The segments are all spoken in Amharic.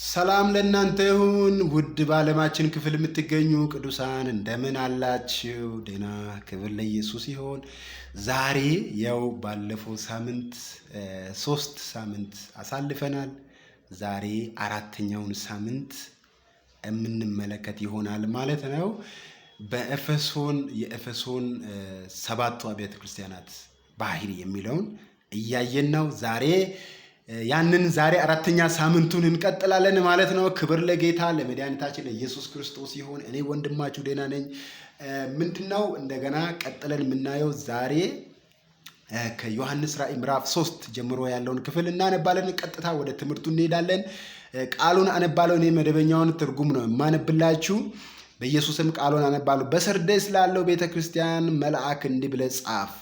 ሰላም ለእናንተ ይሁን ውድ በዓለማችን ክፍል የምትገኙ ቅዱሳን እንደምን አላችሁ? ጤና ክብር ለኢየሱስ ይሆን። ዛሬ ያው ባለፈው ሳምንት ሶስት ሳምንት አሳልፈናል። ዛሬ አራተኛውን ሳምንት የምንመለከት ይሆናል ማለት ነው። በኤፌሶን የኤፌሶን ሰባቱ አብያተ ክርስቲያናት ባህሪ የሚለውን እያየን ነው ዛሬ ያንን ዛሬ አራተኛ ሳምንቱን እንቀጥላለን ማለት ነው። ክብር ለጌታ ለመድኃኒታችን ለኢየሱስ ክርስቶስ ይሁን። እኔ ወንድማችሁ ደህና ነኝ። ምንድነው እንደገና ቀጥለን የምናየው ዛሬ ከዮሐንስ ራእይ ምዕራፍ ሶስት ጀምሮ ያለውን ክፍል እናነባለን። ቀጥታ ወደ ትምህርቱ እንሄዳለን። ቃሉን አነባለው። እኔ መደበኛውን ትርጉም ነው የማነብላችሁ። በኢየሱስም ቃሉን አነባለሁ። በሰርዴስ ላለው ቤተ ክርስቲያን መልአክ እንዲህ ብለህ ጻፍ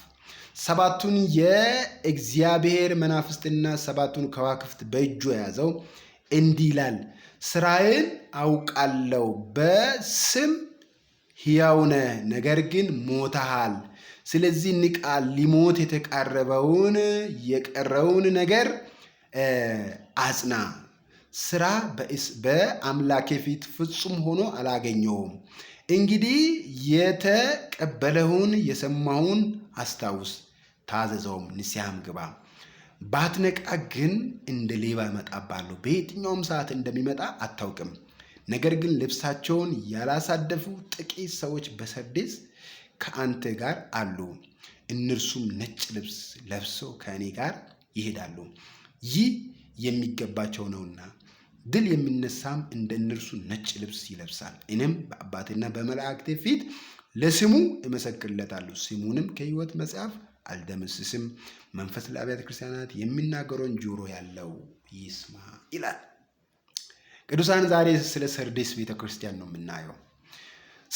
ሰባቱን የእግዚአብሔር መናፍስትና ሰባቱን ከዋክፍት በእጁ የያዘው እንዲህ ይላል፣ ስራዬን አውቃለሁ፣ በስም ሕያው ነህ፣ ነገር ግን ሞተሃል። ስለዚህ ንቃ፣ ሊሞት የተቃረበውን የቀረውን ነገር አጽና። ስራ በአምላኬ ፊት ፍጹም ሆኖ አላገኘውም። እንግዲህ የተቀበለውን የሰማውን አስታውስ። ታዘዘውም ንስያም ግባ። ባትነቃ ግን እንደ ሌባ እመጣብሃለሁ፣ በየትኛውም ሰዓት እንደሚመጣ አታውቅም። ነገር ግን ልብሳቸውን ያላሳደፉ ጥቂት ሰዎች በሰርዴስ ከአንተ ጋር አሉ። እነርሱም ነጭ ልብስ ለብሰው ከእኔ ጋር ይሄዳሉ፣ ይህ የሚገባቸው ነውና። ድል የሚነሳም እንደ እነርሱ ነጭ ልብስ ይለብሳል። እኔም በአባቴና በመላእክቴ ፊት ለስሙ እመሰክርለታለሁ። ስሙንም ከሕይወት መጽሐፍ አልደመስስም። መንፈስ ለአብያተ ክርስቲያናት የሚናገረውን ጆሮ ያለው ይስማ ይላል። ቅዱሳን ዛሬ ስለ ሰርዴስ ቤተ ክርስቲያን ነው የምናየው።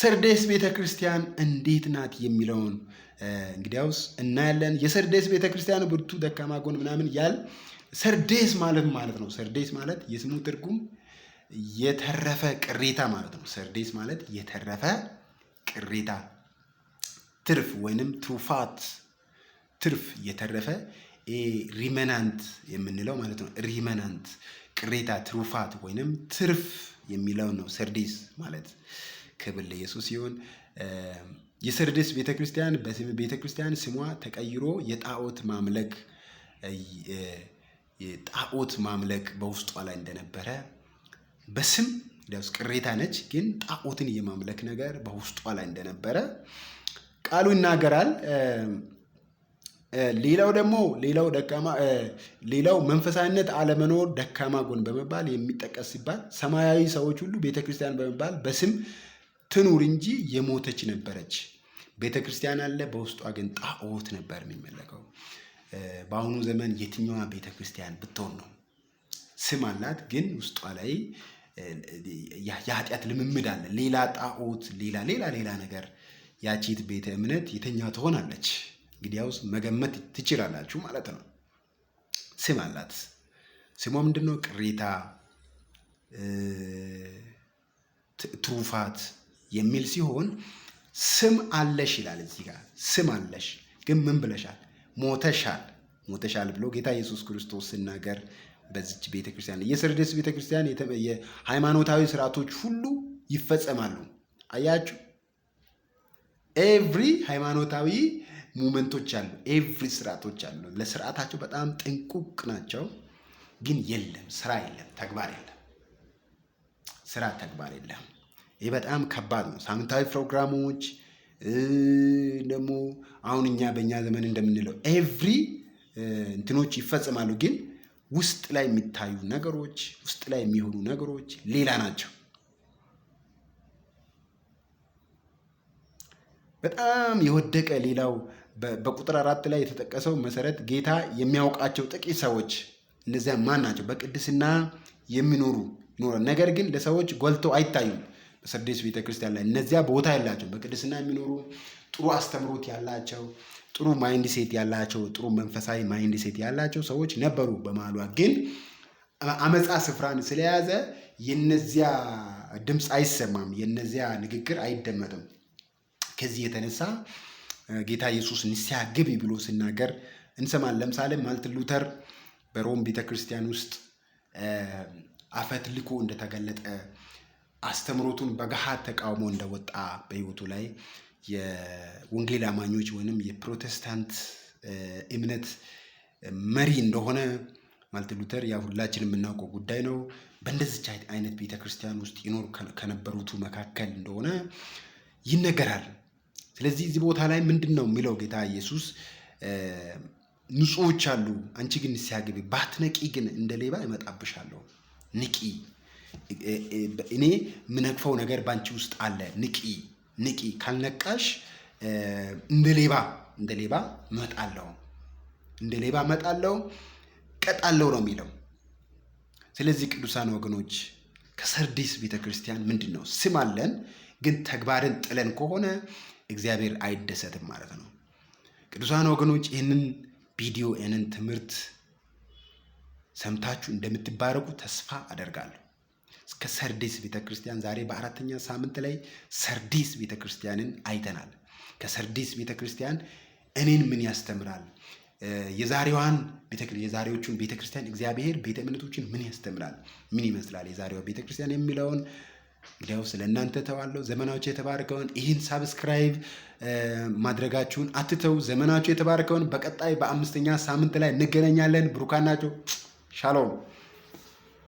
ሰርዴስ ቤተ ክርስቲያን እንዴት ናት የሚለውን እንግዲያውስ እናያለን። የሰርዴስ ቤተ ክርስቲያን ብርቱ፣ ደካማ ጎን ምናምን ያል ሰርዴስ ማለት ማለት ነው። ሰርዴስ ማለት የስሙ ትርጉም የተረፈ ቅሬታ ማለት ነው። ሰርዴስ ማለት የተረፈ ቅሬታ፣ ትርፍ ወይንም ትሩፋት ትርፍ እየተረፈ ሪመናንት የምንለው ማለት ነው። ሪመናንት ቅሬታ፣ ትሩፋት ወይንም ትርፍ የሚለው ነው። ሰርዲስ ማለት ክብር ለኢየሱስ ሲሆን የሰርዲስ ቤተክርስቲያን ቤተክርስቲያን ስሟ ተቀይሮ የጣዖት ማምለክ ጣዖት ማምለክ በውስጧ ላይ እንደነበረ በስም ዳስ ቅሬታ ነች፣ ግን ጣዖትን የማምለክ ነገር በውስጧ ላይ እንደነበረ ቃሉ ይናገራል። ሌላው ደግሞ ሌላው ደካማ ሌላው መንፈሳዊነት አለመኖር ደካማ ጎን በመባል የሚጠቀስ ሲባል ሰማያዊ ሰዎች ሁሉ ቤተክርስቲያን በመባል በስም ትኑር እንጂ የሞተች ነበረች። ቤተክርስቲያን አለ፣ በውስጧ ግን ጣዖት ነበር የሚመለከው። በአሁኑ ዘመን የትኛዋ ቤተክርስቲያን ብትሆን ነው ስም አላት፣ ግን ውስጧ ላይ የኃጢአት ልምምድ አለ፣ ሌላ ጣዖት፣ ሌላ ሌላ ሌላ ነገር ያቺት ቤተ እምነት የተኛ ትሆናለች። እንግዲያውስ መገመት ትችላላችሁ ማለት ነው። ስም አላት። ስሟ ምንድን ነው? ትሩፋት የሚል ሲሆን ስም አለሽ ይላል። እዚህ ጋር ስም አለሽ ግን ምን ብለሻል? ሞተሻል። ሞተሻል ብሎ ጌታ ኢየሱስ ክርስቶስ ሲናገር በዚች ቤተክርስቲያን የሰርዴስ ቤተክርስቲያን የሃይማኖታዊ ስርዓቶች ሁሉ ይፈጸማሉ። አያችሁ ኤቭሪ ሃይማኖታዊ ሙመንቶች አሉ፣ ኤቭሪ ስርዓቶች አሉ። ለስርዓታቸው በጣም ጥንቁቅ ናቸው። ግን የለም ስራ የለም ተግባር የለም ስራ ተግባር የለም። ይህ በጣም ከባድ ነው። ሳምንታዊ ፕሮግራሞች ደግሞ አሁን እኛ በእኛ ዘመን እንደምንለው ኤቭሪ እንትኖች ይፈጽማሉ። ግን ውስጥ ላይ የሚታዩ ነገሮች ውስጥ ላይ የሚሆኑ ነገሮች ሌላ ናቸው። በጣም የወደቀ ሌላው በቁጥር አራት ላይ የተጠቀሰው መሰረት ጌታ የሚያውቃቸው ጥቂት ሰዎች እነዚያ ማን ናቸው? በቅድስና የሚኖሩ ኖረ ነገር ግን ለሰዎች ጎልተው አይታዩም። በሰርዴስ ቤተክርስቲያን ላይ እነዚያ ቦታ ያላቸው በቅድስና የሚኖሩ ጥሩ አስተምሮት ያላቸው ጥሩ ማይንድ ሴት ያላቸው ጥሩ መንፈሳዊ ማይንድ ሴት ያላቸው ሰዎች ነበሩ። በማሏ ግን አመፃ ስፍራን ስለያዘ የነዚያ ድምፅ አይሰማም፣ የነዚያ ንግግር አይደመጥም። ከዚህ የተነሳ ጌታ ኢየሱስ ንስሐ ግቢ ብሎ ሲናገር እንሰማል። ለምሳሌ ማልትን ሉተር በሮም ቤተክርስቲያን ውስጥ አፈት ልኮ እንደተገለጠ አስተምሮቱን በገሃድ ተቃውሞ እንደወጣ በህይወቱ ላይ የወንጌል አማኞች ወይንም የፕሮቴስታንት እምነት መሪ እንደሆነ ማርቲን ሉተር ያ ሁላችን የምናውቀው ጉዳይ ነው። በእንደዚች አይነት ቤተክርስቲያን ውስጥ ይኖር ከነበሩቱ መካከል እንደሆነ ይነገራል። ስለዚህ እዚህ ቦታ ላይ ምንድን ነው የሚለው ጌታ ኢየሱስ ንጹዎች አሉ፣ አንቺ ግን ሲያግቢ ባትነቂ ግን እንደ ሌባ እመጣብሻለሁ። ንቂ፣ እኔ የምነቅፈው ነገር በአንቺ ውስጥ አለ። ንቂ፣ ንቂ፣ ካልነቃሽ እንደ ሌባ እንደ ሌባ እመጣለሁ፣ እንደ ሌባ እመጣለሁ፣ ቀጣለሁ ነው የሚለው። ስለዚህ ቅዱሳን ወገኖች ከሰርዲስ ቤተክርስቲያን ምንድን ነው ስም አለን፣ ግን ተግባርን ጥለን ከሆነ እግዚአብሔር አይደሰትም ማለት ነው። ቅዱሳን ወገኖች ይህንን ቪዲዮ ይህንን ትምህርት ሰምታችሁ እንደምትባረቁ ተስፋ አደርጋለሁ። እስከ ሰርዲስ ቤተክርስቲያን ዛሬ በአራተኛ ሳምንት ላይ ሰርዲስ ቤተክርስቲያንን አይተናል። ከሰርዲስ ቤተክርስቲያን እኔን ምን ያስተምራል? የዛሬዋን የዛሬዎቹን ቤተክርስቲያን እግዚአብሔር ቤተ እምነቶችን ምን ያስተምራል? ምን ይመስላል የዛሬዋ ቤተክርስቲያን የሚለውን እንግዲያው ስለ እናንተ ተባለው ዘመናዎች የተባረከውን ይህን ሳብስክራይብ ማድረጋችሁን አትተው። ዘመናችሁ የተባረከውን በቀጣይ በአምስተኛ ሳምንት ላይ እንገናኛለን። ብሩካን ናቸው። ሻሎም